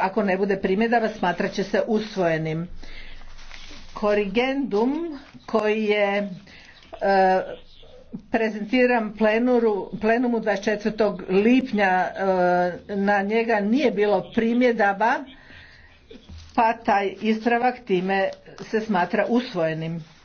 ako ne bude primjedaba smatrat će se usvojenim. Korigendum koji je e, prezentiran prezentiram plenuru, plenumu 24. lipnja e, na njega nije bilo primjedaba pa taj ispravak time se smatra usvojenim.